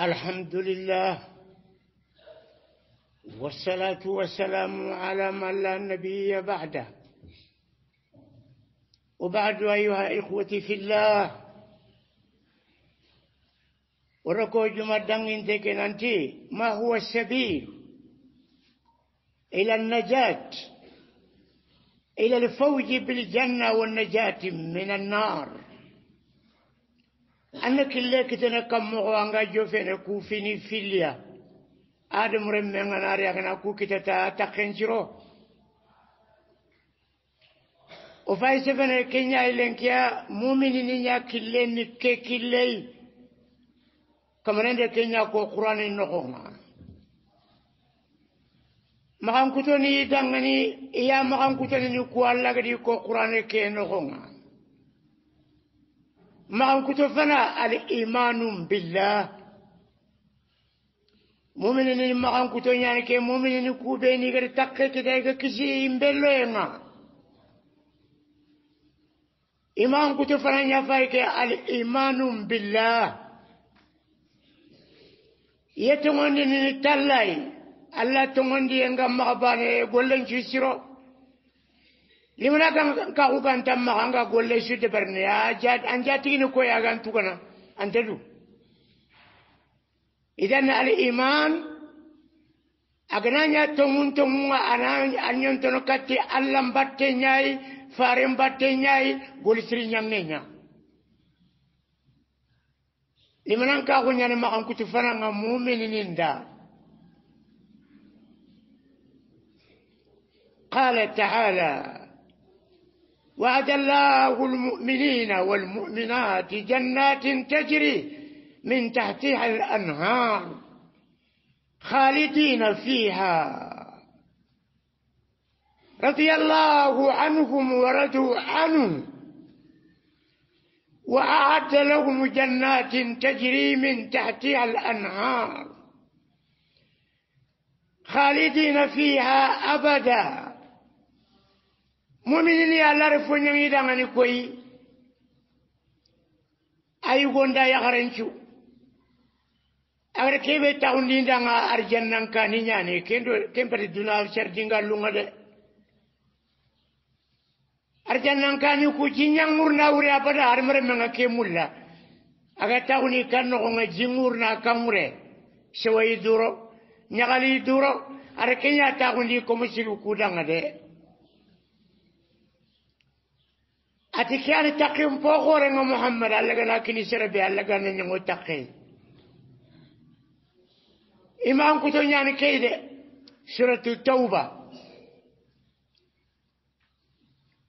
الحمد لله والصلاة والسلام على من لا نبي بعده وبعد أيها إخوتي في الله وركو جمدان تكن أنت ما هو السبيل إلى النجاة إلى الفوز بالجنة والنجاة من النار anna kille kitene kammogo anga jofene ku fini filya adam remme nganari agana ku kitata takkenjiro o fay sefene kenya ilenkiya mumini ni nya kille ni ke kille kamarende kenya ko qur'ani nogonga maxan kutoni dangani iya maxan kutoni ni ku alla gadi ko qur'ani ke nogonga ما كتب فنا الإيمان بالله مؤمنين معهم كتفنا يعني كي مؤمنين كوبين يقدر تقه كده كسي إمبلو ينا إيمان كتب فنا كي الإيمان بالله يتمنى نتلاي الله تمنى ينعم مغباني يقول لنشي سيرو limana kan ka ku kan tamma kan ga golle shi da barne ya ja an ja tini ko ya gan tukana an tadu idan al iman agananya tomun tomun anan anyon tono katti allam batte nyai faren batte nyai gol sri nyamme nya limana ka ku nyane ma kan kuti fana ngam mu'minin da قال تعالى وعد الله المؤمنين والمؤمنات جنات تجري من تحتها الأنهار خالدين فيها رضي الله عنهم ورضوا عنه وأعد لهم جنات تجري من تحتها الأنهار خالدين فيها أبداً muminini allari foñangi dangani koyi ayi gonda yakarencu agata keɓe taxundindanga arjannankani ñane kendo ken pati duna sardinga lunga de arjannankani ku ci ñangurna wure abada harmaremenga ke mulla aga taxuni kan noxonga jingurna kanŋure sewayi duro ñagali duro ara keña taxundi comme k'u kudanga de أتكيان التقيم فوقور إنه محمد الله جل كني سرب الله جل نجمو تقي إمام كتوني أنا كيدة سورة التوبة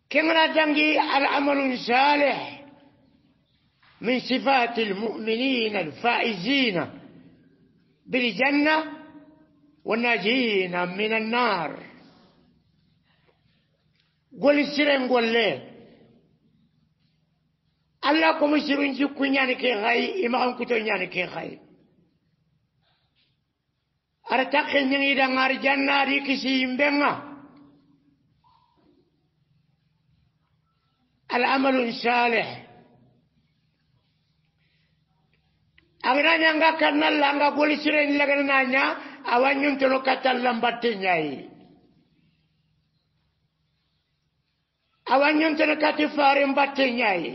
كم نتنجي العمل الصالح من صفات المؤمنين الفائزين بالجنة والناجين من النار قل السرين قول ليه alla komi sirun jikku ñani ke xayi imaxan kuto ñani ke xayi ara takke ñangidanga ar jannaadi kisi yimbenga alamalun saleh agana ñanga kannalla anga goli siren lagana ña awa ñuntono katalla mbatte ñayi awa ñuntono kati fare mbatte ñayi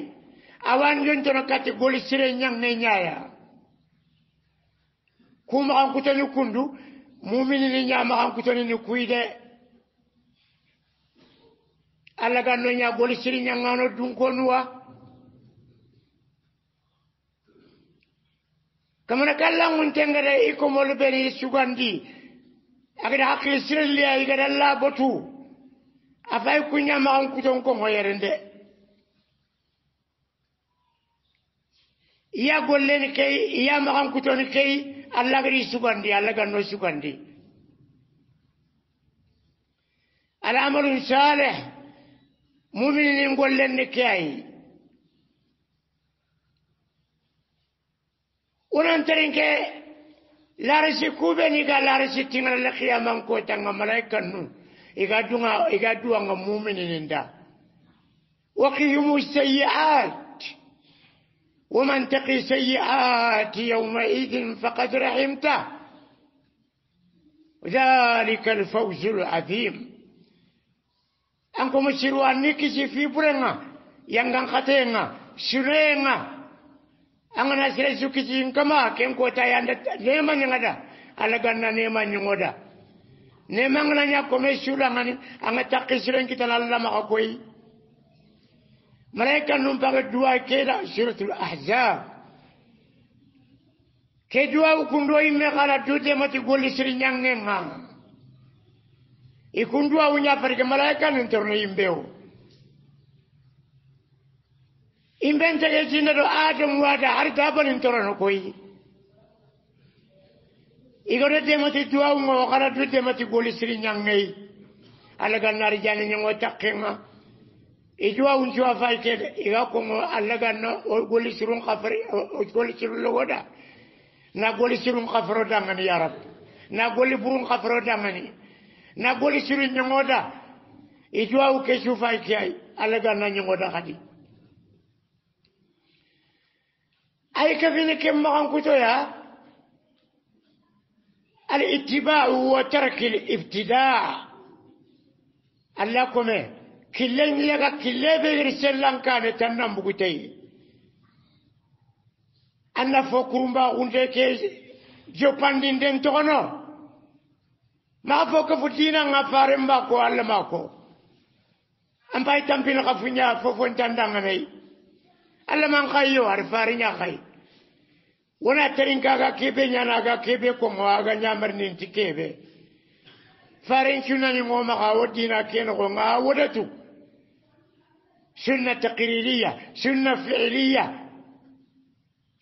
a wawi gentono katte goli sire ñagne ñaaya kuma hankutani kundu mumini ni ñama hankutani ni kuyde allah ganno ña goli siri ñagano dunko nuwa kamana kallangun tengede ikomolu ɓeni sugandi agada hakkille sirelliya yigadalla botu a fay kuñamahankuton ko hoyere nde iya golleni kei iya maxankutoni kei allah gadi sugandi allah ganno sugandi alamalun saleh muminin gollenni ke ayi unantarinke larisi kuɓeni ga larisi tingana la qiyamankotanga malaikan nu iga duga iga duwanga muminininda waqihimu sayi'at ومن تقي سيئات يومئذ فقد رحمته ذلك الفوز العظيم anko mashirwa nikisi fibrenga yangan khatenga shirenga angana sire sukisi kama kenko tayanda nema nyangada alaganna nema nyongoda nema ngana nyako meshula ngani anga takisiren kita lalla makakoi Mereka numpang dua kira suratul ahzab. Kedua ukun dua ime kala dute mati guli serinyang nengang. Ikun dua unya pergi mereka nenturna imbeo. Imben tege jina do adem wada hari daba nenturna nukui. Iko dute mati dua unga wakala dute mati guli serinyang nengang. Alagan narijani nyengotak kengang. ijwa unjwa faite iga kongo alaga na goli sirun kafri goli sirun logoda na goli sirun kafro dangani ya rab na goli burun kafro dangani na goli sirun nyongoda ijwa uke shufa ikiyai alaga na nyongoda kadi ay kafini kem magan kuto ya الاتباع هو ترك الابتداع الله كمه killee miyaga killee beegiri sellankaane tan nan bugutee anna fo kurumbaa hundee kee jopandinden togono maa fo kafu diinanga faaren baa ko alla maa ko an bayi tampina kafu nyaa fofo ntandanganayi alla man kayyo ari faari nyaa kayi wona tarinkaaga kebe nyaanaaga kebe komoaaga nyaamarininti kebe faaren cunani ŋoo maga wo diina kee nogo ŋaa wodatu سنة تقريرية سنة فعلية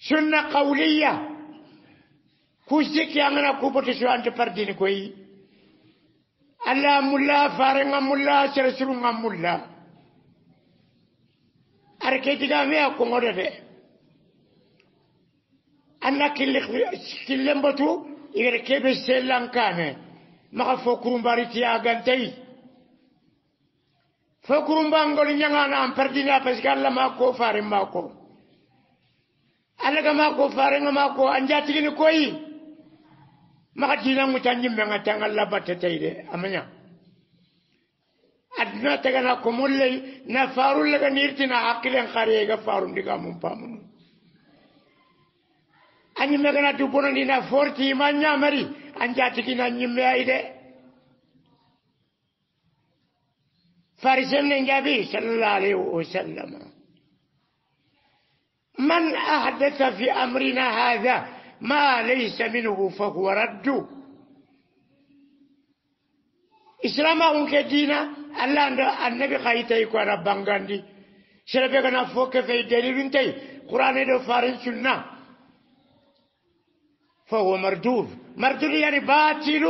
سنة قولية كوزيك يا منا كوبر أنت فردين كوي ألا ملا فارن ملا سرسلون ملا أركيتي كامي أكو مرد أنا كلمبتو إذا كيف السيلان كامي ما فوكرون باريتي أغانتي fokurumbangol ñagana an perdina parce que allah ma ko faren ma ko allah ga ma ko farenga ma ko an jatigini koyi maxa dinangu tan ñimmenga tan allah batte tey de amaña aduna tagana komulley na farullaga nirtina haqqilen xariyega farundiga mum pamunu a ñimmegana dubbonondi na forti manya mari an gina nyimbe ay فرس النبي صلى الله عليه وسلم من أحدث في أمرنا هذا ما ليس منه فهو رد إسلامهم كدينا الله النبي خيطة يكون بانغاندي غاندي سلبي كان فوق في دليل انتي قرآن دو فارن سنة فهو مردود مردود يعني باطل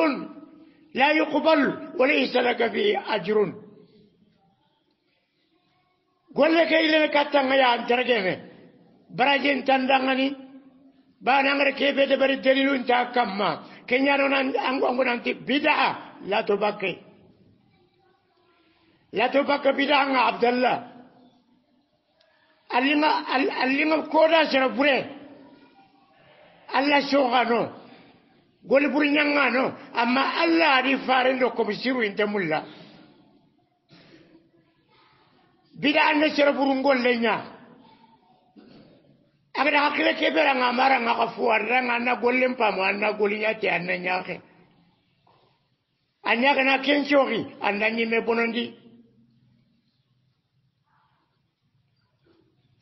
لا يقبل وليس لك فيه أجر golle ke ile katta ngaya antarege me brajin tandangani ba nangare ke be de bari delilu nta kamma kenya no nan angu angu nan ti bida la to bakke la to bakke bida nga abdallah alima alima ko da jara bure alla shogano golle buri nyanga no amma alla ari fare ndo komisiru inte mulla بدانا شرفونغول لنا أنا أقول لك أنا أقول لك أنا أقول لك أنا أقول لك أنا أقول لك أنا أقول لك أنا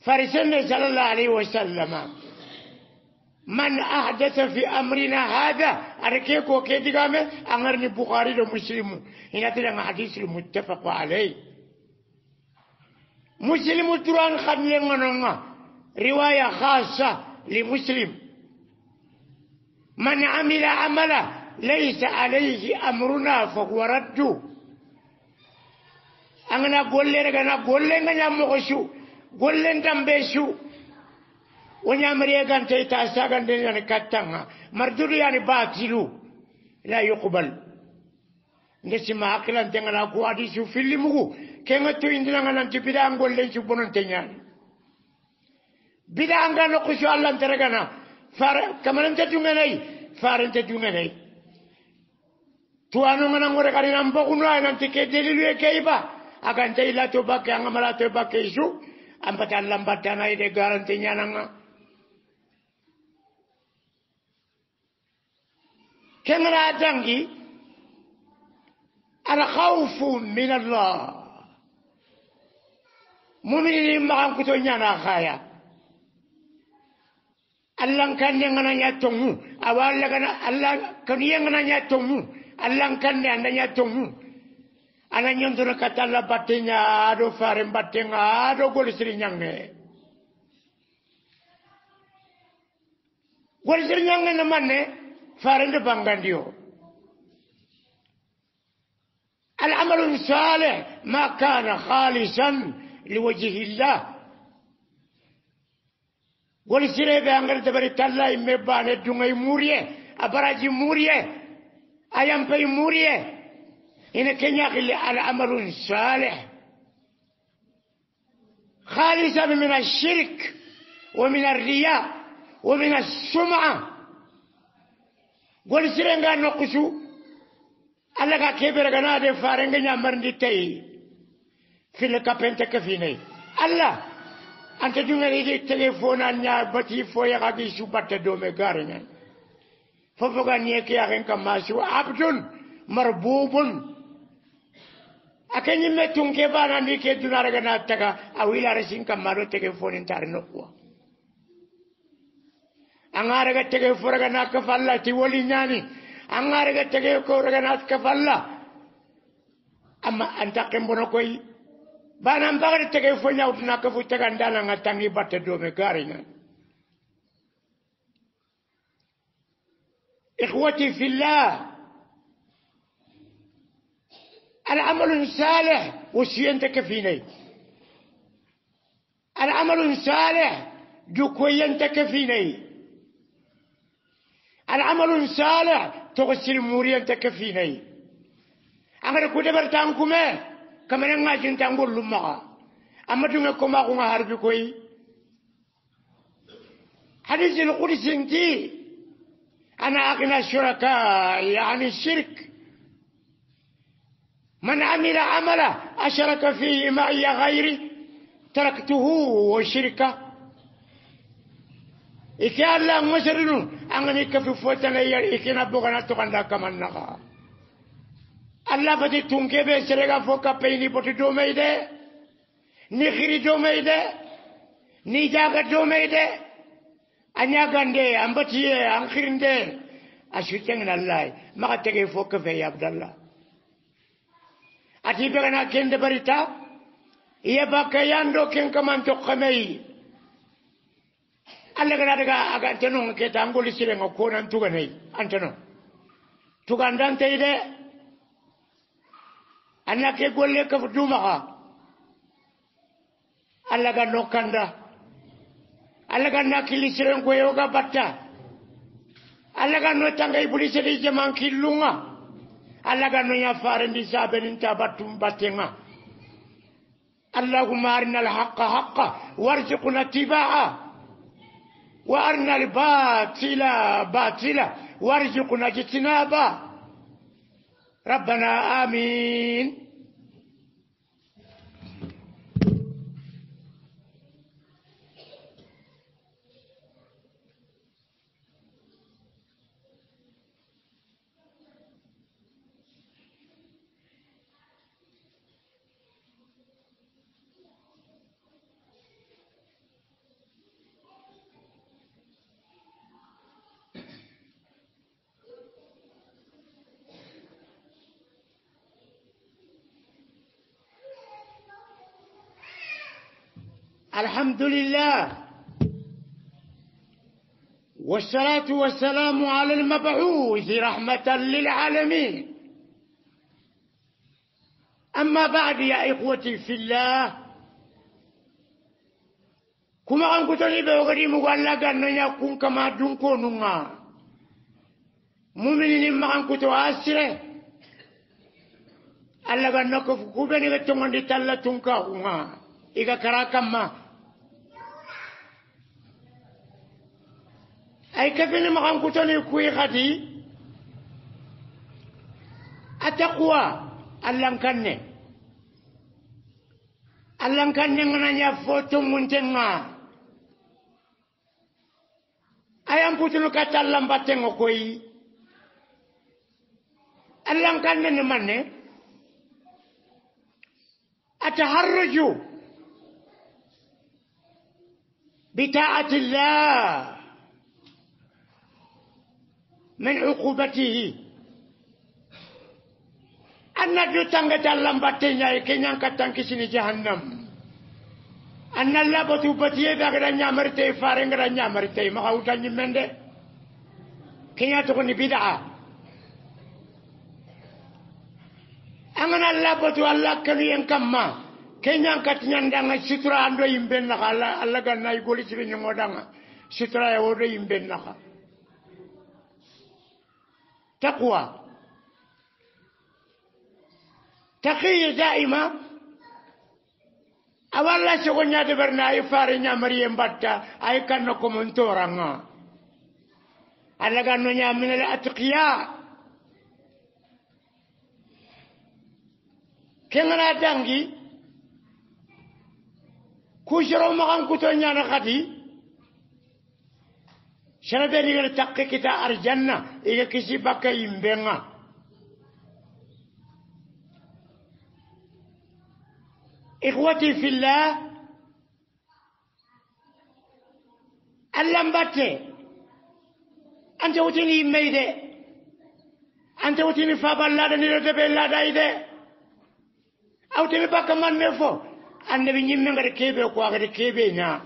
فرسلنا صلى الله عليه وسلم من أحدث في أمرنا هذا أركيكو كيدغامي أمرني بخاري ومسلم إن هذا حديث المتفق عليه مسلم تران خد لنا رواية خاصة لمسلم من عمل عملا ليس عليه أمرنا فهو رد أنا أقول لك أنا أقول لك أنا مغشو قول لنا تنبشو ونعمريغان تيتاساغان دينا كتانا مردود يعني باطل لا يقبل ndesima hakkilantengana ko hadisu filli mugu kenga toyindinanga nanti bida ngollen su bononte ñaani bida anga nokkusu allanteregana fare kamanente dungenayi farente dungenayi tuwanongana ngore kadi nan boguno ay nanti ke delilu e keyba aganta illa to bakke anga mala to bakke su ampata allambattanayi de garante ñananga kengana dangi أنا خوف من الله muminin maxan kuto ñana xaya allankanne ngana ña tongu awa allagana alla kanuye ngana ña tongu allankanne anda ña tongu ana ñondoro katta alla batte ña aɗo fare batte nga aɗo golisiri ñange golisiri ñange na manne farende bangandiyo العمل الصالح ما كان خالصا لوجه الله ولسيري بانغر دبري تالا يمبانه دونغي موريه أبراجي موريه أيام بي موريه إن كان يقل العمل الصالح خالصا من الشرك ومن الرياء ومن السمعة ولسيري نقصو alla ga kebere gana de farenga nyamar ndi tay fil ka pente ke fine alla ante dunga ni de telefone an nya bati fo ya ga su batte do me garenya fofo ga nye ke yaren kam masu abdun marbubun akenyi metun ke bana ni ke dunara gana taka awila resin kam maro telefone tar no ko angara ga telefone gana ka falla ti woli nyani أنا رجعت تجيب كورة ناس كفلا أما أنت كم بنوكي بنا مبغر تجيب فنيا وتنا كفو تكان دانا نتاني بات دومي كارينا إخوتي في الله العمل صالح وسينتك كفيني العمل صالح جو انت كفيني العمل صالح تغسل موري أنت كفيني أغرى كودة برتانكما كما نغاشن تانقول لما أما تنكما قوما هربي كوي حديث القدس انتي أنا أغنى شركاء يعني الشرك من عمل عمله أشرك فيه معي غيري تركته وشركه إكي الله مسرنون angani kafi fota na yari ikina bugana tukanda kamannaka allah fati tunkebe serega fo kapeyni boti domey de ni xiri domey de ni jaga domey de a ñagande an batiye an xirinde a sutengin allahy maxa tege fo kefey abdallah ati begana kende barita iye bakkayando ken kamanto xameyi alla gana daga aga tano ke ta angoli sire ngo ko nan tuga nei antano tuga ndan te ide anna ke golle ka duma ha alla ga nokanda alla ga na kili sire ngo yo ga batta alla ga no tangai bulise di jaman kilunga alla ga no ya fare ndi sabenin ta battum battenga اللهم أرنا الحق حقا وارزقنا اتباعه وارنا الباطل باطلا وارزقنا اجتنابا ربنا امين الحمد لله والصلاة والسلام على المبعوث رحمة للعالمين أما بعد يا إخوتي في الله كما أن كتلي بغري مغلقا يكون كما دنكونا مؤمنين ما أن أسره ألا أنك nako kubeni ga tongondi talla tunka uma iga kara kamma أي كفن ما كان كتني كوي خدي أتقوى ألم كنن ألم كنن أنا يفوت من تنا أيام كتني كتال لم بتنو كوي ألم كنن من أتهرجوا بتاعة الله من عقوبته أن دو تنغ جلن باتينا يكينا كتن كسني جهنم أن الله بطو بطيه بغرا نعمرتي فارن غرا نعمرتي ما هو تنجي من ده كينا تكون بدعة أن الله بطو الله كليين كما كينا كتن دانا سترا عنده يمبين لها الله غنى يقول سبين يمودانا سترا يوضي يمبين لها تقوى تقية دائمة أولا شغلنا دبرنا يفارينا مريم باتا أي كانكم انتورنا ألا كانوا من الأتقياء كنا دانجي كوشرو مغان كتو نيانا خدي شنو بيني غير تحقيق دار الجنة إذا كسي بقى يمبنى إخوتي في الله ألم باتي أنت وتيني يميدة أنت وتيني فابا لا دا نيرو دبين لا دا أو تيني بقى من مفو النبي يمين غير كيبي وقوى كيبي نعم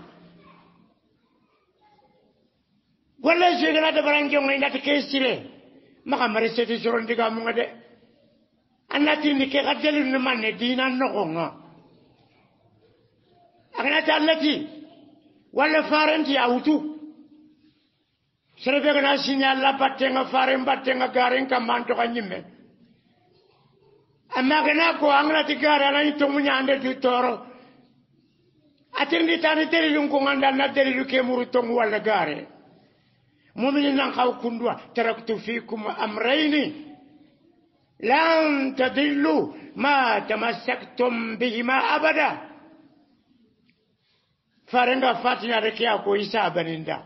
Walla si gana da barangi ngai na tike sire. Maka mari se ti joron diga mu ngade. Anati ni ke gadeli ni manne dina no gonga. Ha. Agana ta lati. Walla farenti autu. Sere be gana sinya la patte nga faren patte nga garen ka manto ka nyimme. Amma gana ko angana ti gara na nyito munya ande ti toro. Atin ni tani teri yung kongandana teri yuke murutong walla garen. مؤمن نقاو كندوا تركت فيكم أمرين لن تضلوا ما تمسكتم بهما أبدا فرندا فاتنا ركيا كويسا بنندا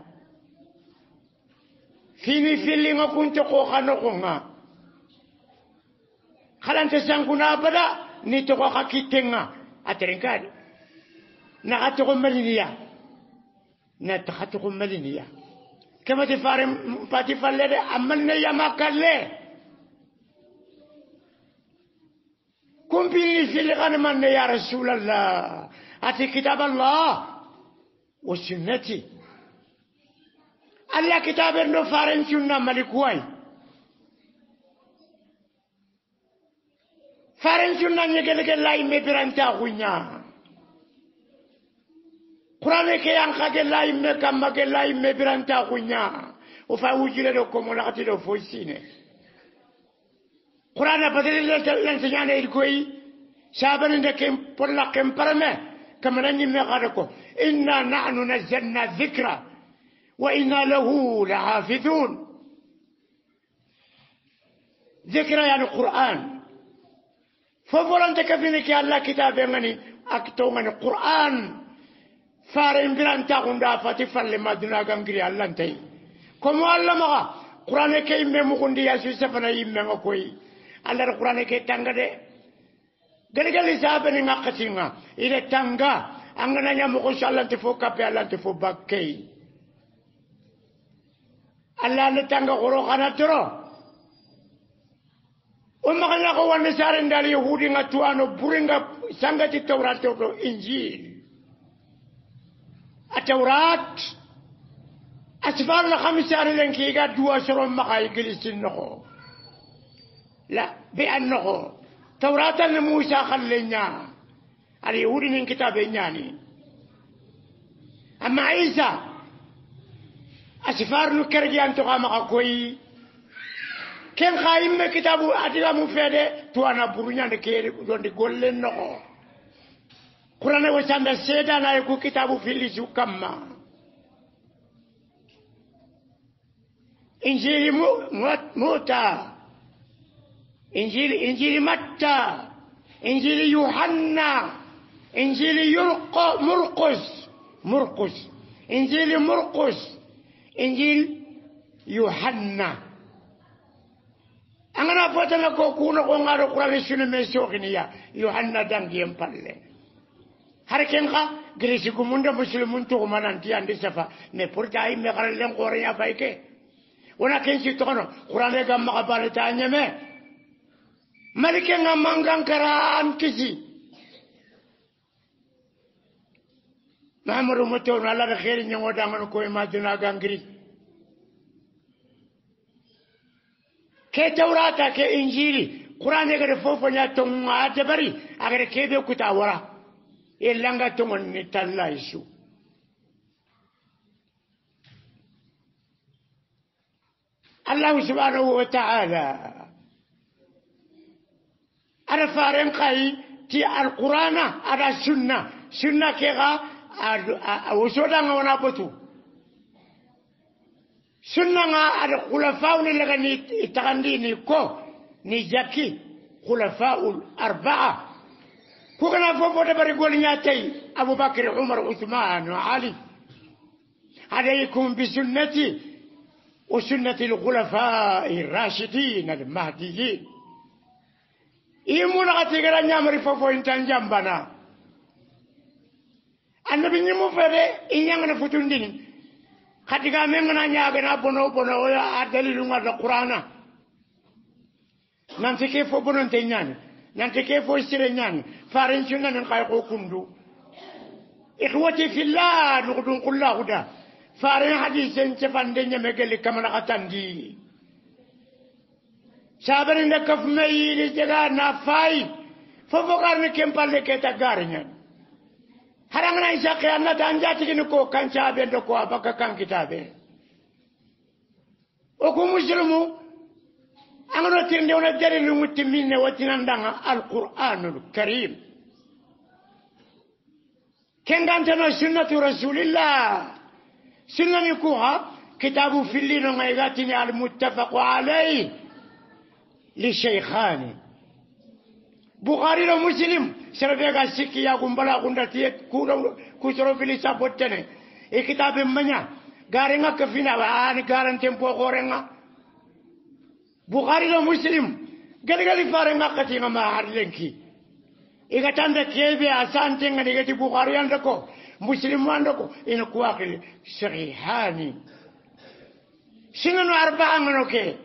فيني فيلي ما كنت قوخا نقوها خلان تسانقنا أبدا نتقوخا كتنا أترنكاري نغتقو ملنيا نتخطقو ملنيا كما تفارم باتي فلد أمن يما كله كم بالنسل غنمن يا رسول الله أتي كتاب الله والسنة الله كتاب النفارن سنة ملكوي فارن سنة يجلق الله يمبرن تاغوينا qurane ke yan khage laimme kamma ke laimme biranta kunya o fa wujire do ko mona ati do foisine qurana badele len tanyane il koyi saban de kem polla kem parme kamana nyimme khade ko inna nahnu nazzalna dhikra wa inna lahu lahafizun ذكرى يعني القرآن فولا انت كفينك يا الله كتاب يعني أكتو من القرآن farin biran ta kun da fati falle madina gan giri allan tai komo allah ma qur'an ke imme mu kun diya su sefana imme ma koi allah qur'an ke tanga de gani gani sahabe ni makati nga ile tanga angana nya mu ko shallan te fo kape allah te fo bakkei allah le tanga goro kana toro o ma kana ko wanne sare ndali yahudi nga tuano buringa sangati tawrat to injil التوراة أسفار الخمسه أرلن كيغا دوا سرون مقا إنجليس النخو لا بأنه توراة موسى خلينا اليهود من كتاب يعني أما عيسى أسفار نكرجي أن تقام أقوي كان خايم كتابه أتلا مفيدة توانا برونيان كيري دون دي قرآن وسام السيدة نايكو كتاب في اللي كما إنجيل موتى إنجيل إنجيل متى إنجيل يوحنا إنجيل يرق مرقس مرقس إنجيل مرقس إنجيل يوحنا أنا فوتنا كوكونا كونغارو قرآن سنة ميسوكنيا يوحنا دانجيم بالله har ken ka grisi gumunda muslimun to manan ti ande safa me pourta ay me garal len gore ya bayke wona ken si to kono qur'ane gam ma bal ta nyame malike ngam mangan karan kisi mahamadu mutono allah ta heeri ñagodamano koye ma jonaga ngiri ke tawrata ke injili qur'ane gede fofo ña tonga debari agede keɓe kuta wara يلانغا tongon netalla isu الله سبحانه وتعالى أنا فارن قاي تي القرآن على السنة سنة كيغا وسودا وانا بتو سنة على خلفاء اللي غني تغنديني كو نيجاكي خلفاء الأربعة كوكنا فوفو دبر يقول نياتي أبو بكر عمر عثمان وعلي عليكم بسنتي وسنة الخلفاء الراشدين المهديين إيمون غتيغرا نعمر فوفو انتان جنبنا النبي نيمو فدي إيان نفتون دين خاتيغا ميمنا نياغنا بونو بونو يا دليل القرآن نانتي كيف بونو تنياني نانت كيف يسرنان فارن سنة ننقايقو كندو إخوتي في الله نقدون قل الله دا فارن حديثين تفان دنيا مجالي كمان قطان دي سابرين لكف ميلي جغا نافاي ففقار نكيم بالي كيتا غارنان هرانغنا إسا قيانا دانجاتك نكو كان شابين دكوا بكا كان كتابين وكو مسلمو angano tende ona jarilu mutti minne watinandanga alquran alkarim kenganteno sunnatu rasulillah sunnani kuha kitabu fillino ngaygatini almuttafaqu alayh لشيخان بخاري ومسلم سرفيغا سكي يا غمبلا غندتي كوسرو في لسابوتني اي كتاب منيا غارينا كفينا واني غارنتم بوغورنا بخاري لو مسلم قال قال فاري ما قتينا ما عرلنكي إذا تند كيبي أسان تنغن إذا تبخاري عندكو مسلم عندكو إن كواكل صحيحاني سنن أربعة منوكي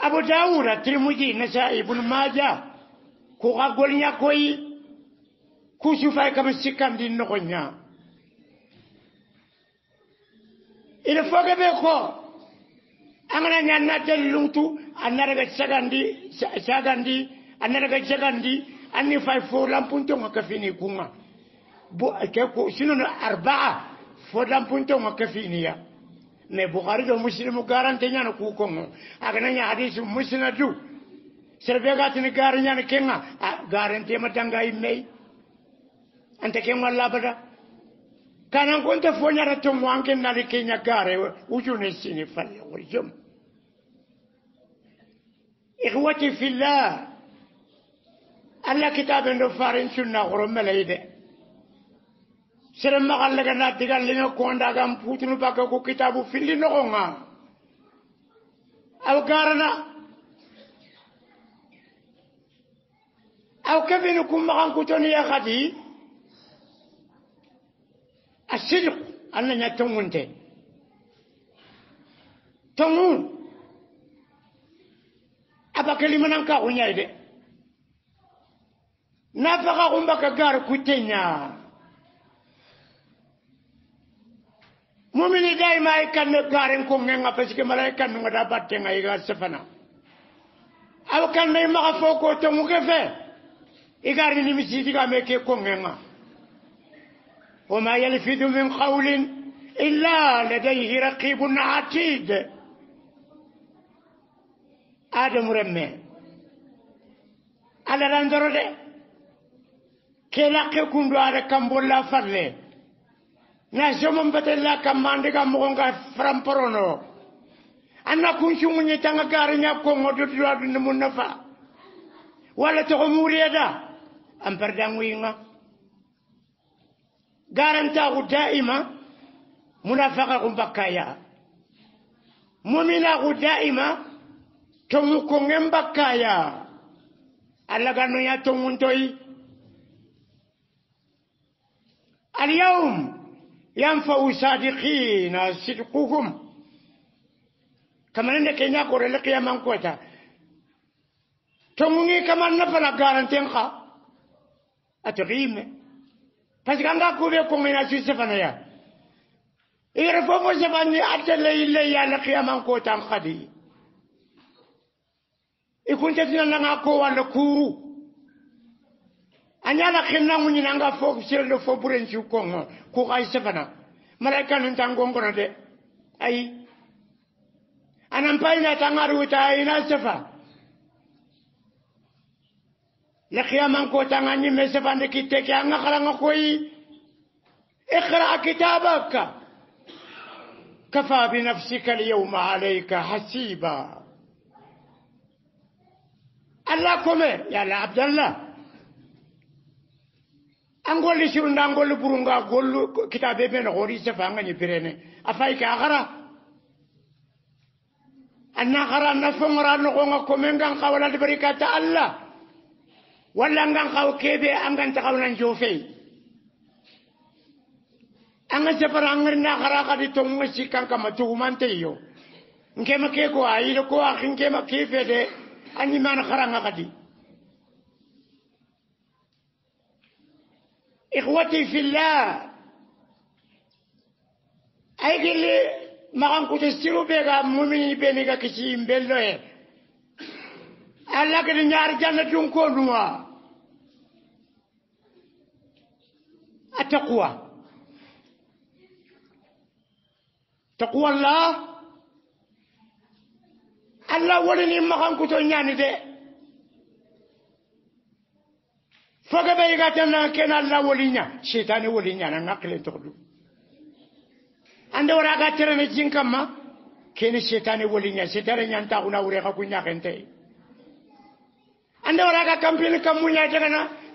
أبو داود الترمذي نسائي بن ماجه كوغا غولنيا كوي كوشوفاي كم سكان دين نغنيا إلى فوق بيكو an an angana ñanna tellungtu annaraga sagandi sagandi annaraga sagandi anni fay fo lampuntonga ka fini kunga bo ke ko sinono arbaa fo lampuntonga ka finiya mais bukhari do muslimu garante ñana ku kongo musulmi hadis musnadu serbe gatini gare ñana kenga garantema danga yimmey anta kengo labada. كان كنت فوني tomu وانك نالي كينيا كاري ujune sini فالي wajum إخوتي في الله ألا كتاب إنه فارن سنة غرم ملايدة سلم مغال لك أنا تقال لنا كون داقام بوتن باكو كتابو في اللي نغونا أو كارنا أو كيف نكون مغان كتوني يا خدي asidik annan ya tanwunte tanwun aba kalimanan ka hunya ide na faka kun baka gar kutenya mumini dai mai kan ne garin kun ne ngape sike malaikan ne da batte ngai ga sefana aw kan ne ma fo ko to mu ke fe igari ni misi diga me ke ko ne ngape وما يلفظ من قول إلا لديه رقيب عتيد آدم رمى على رندرو ده كلاك كندو على كمبولا فرلي نازم بتلا كماند كمغونغا فرامبرونو أنا كنت من يتنغ كارنيا كونغو دوار نمو نفا ولا تغموري ده أمبر دانوينا garantaku daima munafakaku mbakkaya muminaku daima tongu konge mbakkaya allah gannoya tonguntoyi اليوم ينفع صادقين صدقهم كما انك نقول لك يا من كوتا تموني كما نفلا غارنتين خا اتقيم parce que anga kube kongina su sefanaya igara fofo sefani atte ley ley yalla qiyaman kotan khadi ikuntetinananga ko walla kuuru anyala xinnaŋuñina anga fo serle fo buren su konga ku xay sefana malaika nun tan gongono de ayi anan payinatangari wuta ina sefa نخيا مانكو تاني مسفان كيتك أنا خلنا خوي اقرأ كتابك كفى بنفسك اليوم عليك حسيبا الله كمه يا عبد الله أقول لي شو نقول برونغا قول كتابي من غوري سفانغني بيرني أفايك أخرى أنا أخرى نفهم رانو قوم كمين كان قولا بركة الله walla ngan kaw kebe angan ta kaw nan jofe anga jabara angri na kara kadi to ngasi kan kama to humante yo nkema ke ko ayi ko akhin kema ke fede anyi man kara nga kadi ikhwati fillah ay gele magan ko testiru be ga mumini be ni ga kici mbello e alla ke nyar janna dum ko nuwa التقوى تقوى الله الله ولني مخان كتو نياني دي فوق بيغاتنا كان الله ولينا شيطان ولينا نقل تقدو عند وراغا ترن جين كما كان شيطان ولينا شيطان نانتا غنا وريغا كنيا كنتي عند وراغا كامبين كمونيا تغنا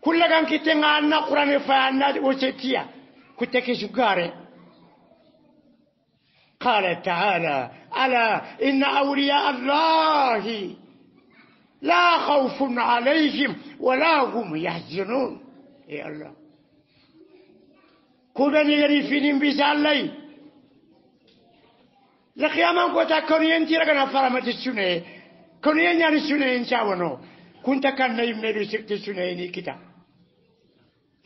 كل كان كتير عنا قرآن فانا وشتيا كتك شكاري قال تعالى ألا إن أولياء الله لا خوف عليهم ولا هم يحزنون يا الله كودني غريفين لقيام لقياما كوتا كونيين تيرغنا فرمت السنة كونيين يعني سنة إنساوانو كنت كان نايم ميرو سكت السنة إني كتاب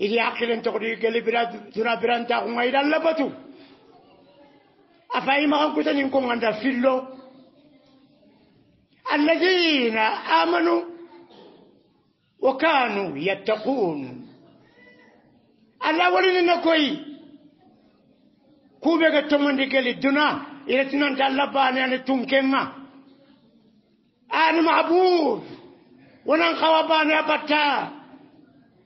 إلي عقل أن قولي قال براد ترى بران تاهم غير اللبتو أفاي ما كنت نكون عند فيلو الذين آمنوا وكانوا يتقون الأولين نكوي كوبا كتمن ديكل الدنا إلى تنان تلبان يعني تمكنا أنا معبود ونان خوابان يا بطار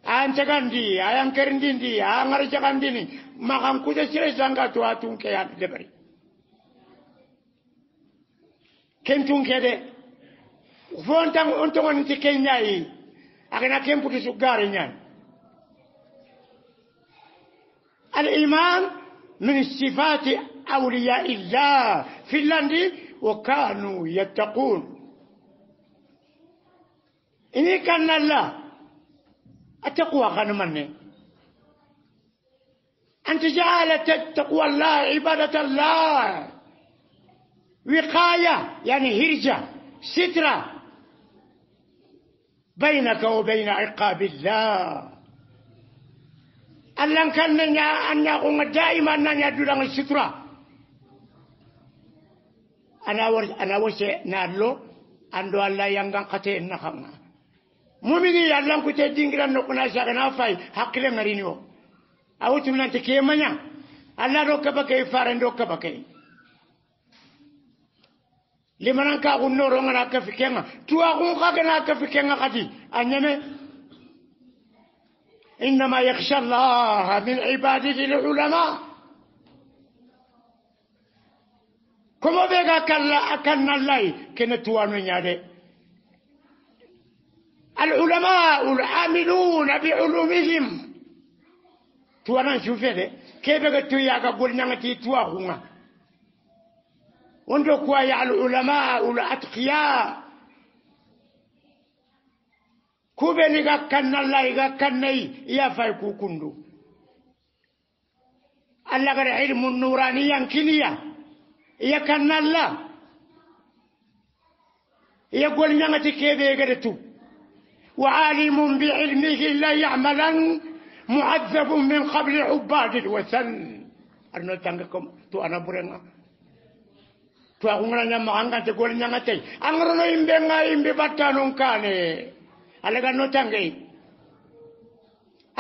ayan cagandi ayan kerindindi ayan ngari cagandini makan kuja sire sanga to atun ya debari kentun ke de fontan onton on kenya yi agana kempu ti sugare nyan al iman min sifati awliya illah finlandi wa kanu yattaqun ini kan Allah التقوى غنمني أنت جعل تقوى الله عبادة الله وقاية يعني هرجة سترة بينك وبين عقاب الله الله كان أن يقوم دائما أن يدل السترة أنا أنا وش نالو أن الله ينقطع النخمة مومي يالله كنت دينغرا نكونا شغنا فاي حقلا غرينيو أو تمنا تكيه مانيا الله روكا بكي فارن روكا بكي لمن كان كونو رونغنا كفكينا توا كون كاغنا كفكينا كادي أنيمي إنما يخشى الله من عباده العلماء كما بيغا كان الله كنتوانو نياري العلماء العاملون بعلومهم توانا هذا كيف قلت يا قبول نغتي تواهما وندقوا يا العلماء الأتقياء كوبني غاكن الله غاكن يا فايكو كندو الله غير علم النوراني ينكنيا يا كن الله قول نغتي كيف قلتو وعالم بعلمه لا يعملا معذب من قبل عباد الوثن أنا تانكم تو أنا برينا تو أقول أنا نعم ما أنك تقول نعم أنا تي أنغرنا إمبنا إمبي باتانون كاني ألا كانوا تانكي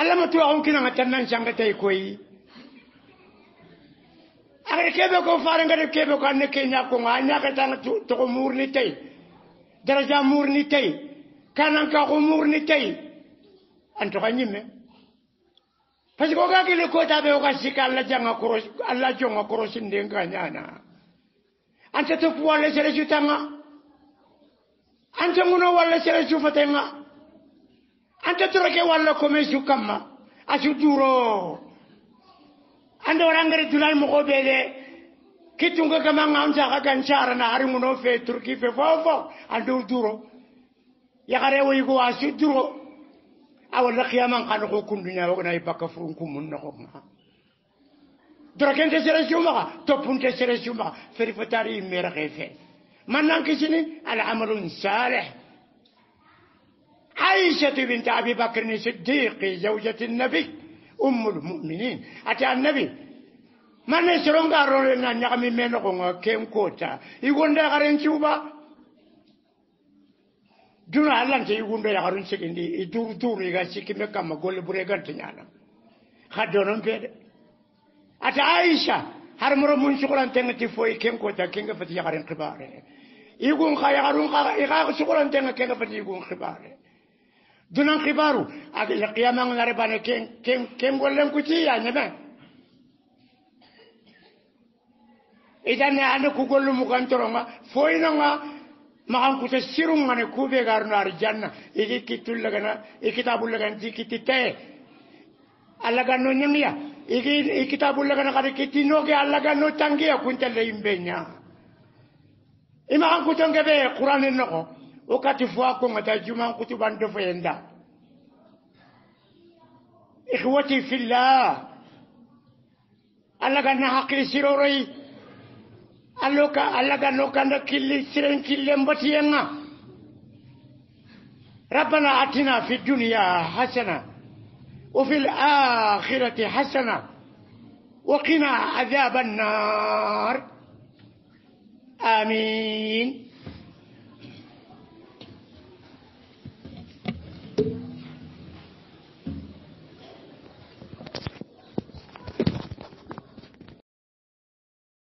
ألا ما تو أقول كنا تنان شانك تي كوي أنا كيبي كو فارن غير كيبه كان نكينا كونا نيا كتان تو تو مورني تي درجة مورني تي kananka ni tei antokha nyime parce que oka kile kota be oga sika alla janga korosi alla jonga korosi ndenga nyana anta to puwale sere jutanga anta nguno wala sere jufatenga anta torake wala kome jukamma asu duro anda orangere dulal mogo bele kitunga kama ngam jaga ganchara na hari nguno fe turki fe fofo andu duro يا يغري ويغوا سدرو او لقيام قنقو كندنا وغناي بكفرون كمن نقما دركنت سيرسيوما توبنت سيرسيوما فري فتاري ميرغيف من نانك سيني العمل صالح عائشة بنت أبي بكر الصديق زوجة النبي أم المؤمنين أتى النبي من سرون قارون لنا نعمي منه كم كوتا يقول ده غرين شو duna allanta yugundo yaharun sikindi i duru duru iga sikkime kamma golle bure ganta ñana ha donon peede ata aicha har moro mun sukurantengati foyi kenkota kenga fati yaharen kibare igun ka yaharun ka iga sukurantenga kenga fati igun kibare dunan kibaru agila qiyamanga nare bane ken ken ken gollen kutiya ñeme idan ne ande ku gollu mugantoronga foyinonga ما هم كتسيرون من كوبي غارنا رجعنا إذا كتول لغنا إكتاب لغنا إذا كتتة الله غنو نميا إذا إكتاب لغنا كذا كتينو كي الله غنو تانجيا كنت لين بينيا إما هم كتون كبي القرآن النقو وقت فواكم تجمع كتب عند فيندا إخوتي في الله الله غنا حقي سيروري alloka allaga nokanda kili siren kili mbati yenga ربنا أتنا في الدنيا حسنة وفي الآخرة حسنة وقنا عذاب النار آمين